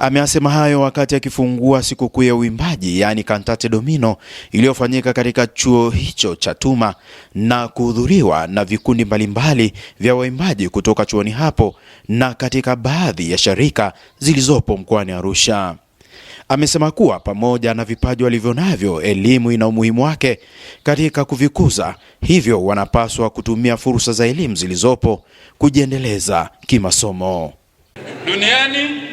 Ameasema hayo wakati akifungua sikukuu ya uimbaji yaani Cantate Domino iliyofanyika katika chuo hicho cha Tuma na kuhudhuriwa na vikundi mbalimbali vya waimbaji kutoka chuoni hapo na katika baadhi ya sharika zilizopo mkoani Arusha. Amesema kuwa pamoja na vipaji walivyo navyo, elimu ina umuhimu wake katika kuvikuza, hivyo wanapaswa kutumia fursa za elimu zilizopo kujiendeleza kimasomo duniani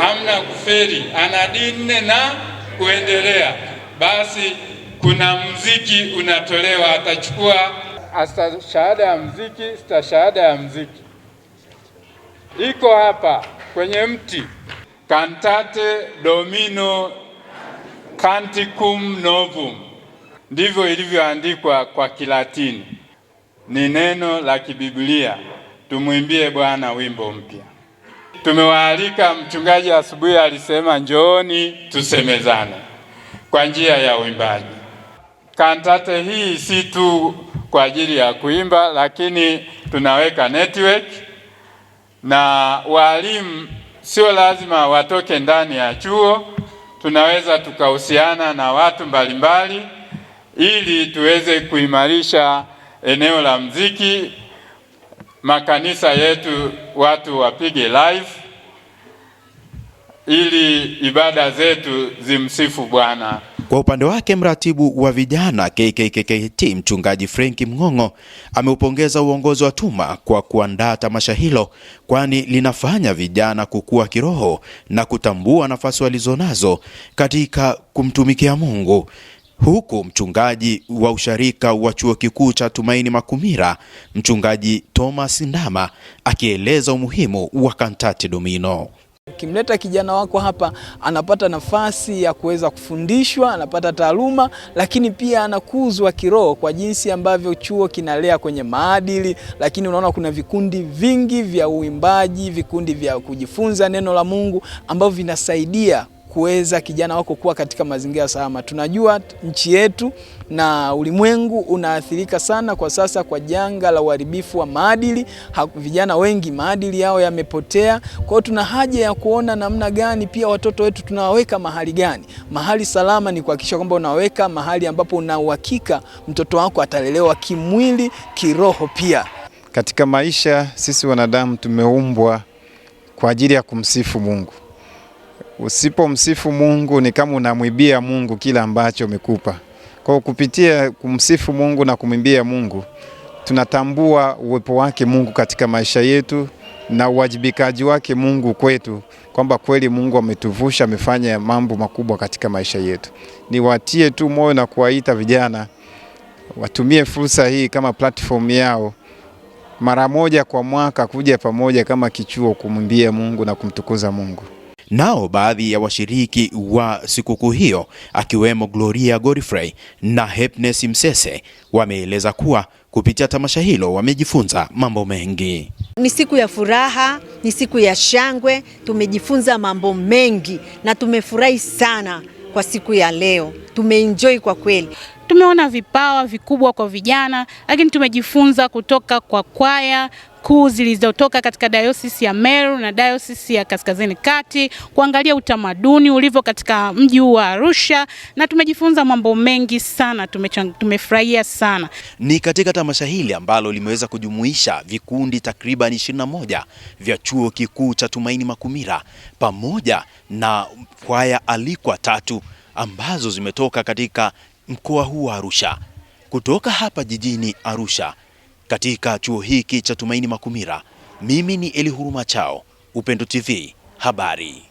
amna kufeli, ana dini nne na kuendelea. Basi kuna mziki unatolewa, atachukua asta shahada ya mziki, shahada ya mziki iko hapa kwenye mti, cantate domino canticum novum, ndivyo ilivyoandikwa kwa Kilatini. Ni neno la Kibiblia. Tumwimbie Bwana wimbo mpya tumewaalika. Mchungaji asubuhi alisema njooni tusemezane kwa njia ya uimbaji. Kantate hii si tu kwa ajili ya kuimba, lakini tunaweka network na walimu sio lazima watoke ndani ya chuo, tunaweza tukahusiana na watu mbalimbali ili tuweze kuimarisha eneo la mziki makanisa yetu watu wapige live ili ibada zetu zimsifu Bwana. Kwa upande wake mratibu wa vijana kkkkt mchungaji Frenki Mng'ong'o ameupongeza uongozi wa TUMA kwa kuandaa tamasha hilo, kwani linafanya vijana kukua kiroho na kutambua nafasi walizonazo katika kumtumikia Mungu. Huku mchungaji wa usharika wa chuo kikuu cha Tumaini Makumira, mchungaji Thomas Ndama akieleza umuhimu wa kantati domino. Ukimleta kijana wako hapa anapata nafasi ya kuweza kufundishwa, anapata taaluma, lakini pia anakuzwa kiroho kwa jinsi ambavyo chuo kinalea kwenye maadili. Lakini unaona kuna vikundi vingi vya uimbaji, vikundi vya kujifunza neno la Mungu ambavyo vinasaidia kuweza kijana wako kuwa katika mazingira salama. Tunajua nchi yetu na ulimwengu unaathirika sana kwa sasa kwa janga la uharibifu wa maadili. Vijana wengi maadili yao yamepotea. Kwa hiyo tuna haja ya kuona namna gani pia watoto wetu tunawaweka mahali gani. Mahali salama ni kuhakikisha kwamba unaweka mahali ambapo una uhakika mtoto wako atalelewa kimwili, kiroho pia. Katika maisha sisi wanadamu tumeumbwa kwa ajili ya kumsifu Mungu. Usipomsifu Mungu ni kama unamwibia Mungu kila ambacho umekupa. Kwa kupitia kumsifu Mungu na kumwimbia Mungu tunatambua uwepo wake Mungu katika maisha yetu na uwajibikaji wake Mungu kwetu, kwamba kweli Mungu ametuvusha, amefanya mambo makubwa katika maisha yetu. Niwatie tu moyo na kuwaita vijana watumie fursa hii kama platform yao mara moja kwa mwaka kuja pamoja kama kichuo kumwimbia Mungu na kumtukuza Mungu. Nao baadhi ya washiriki wa sikukuu hiyo akiwemo Gloria Godfrey na Happiness Msese wameeleza kuwa kupitia tamasha hilo wamejifunza mambo mengi. Ni siku ya furaha, ni siku ya shangwe, tumejifunza mambo mengi na tumefurahi sana kwa siku ya leo. Tumeenjoy kwa kweli. Tumeona vipawa vikubwa kwa vijana, lakini tumejifunza kutoka kwa kwaya, kuu zilizotoka katika dayosisi ya Meru na dayosisi ya Kaskazini Kati, kuangalia utamaduni ulivyo katika mji wa Arusha, na tumejifunza mambo mengi sana, tumefurahia sana. Ni katika tamasha hili ambalo limeweza kujumuisha vikundi takriban 21 vya chuo kikuu cha Tumaini Makumira pamoja na kwaya alikwa tatu ambazo zimetoka katika mkoa huu wa Arusha. Kutoka hapa jijini Arusha katika chuo hiki cha Tumaini Makumira. Mimi ni Elihuruma Chao, Upendo TV habari.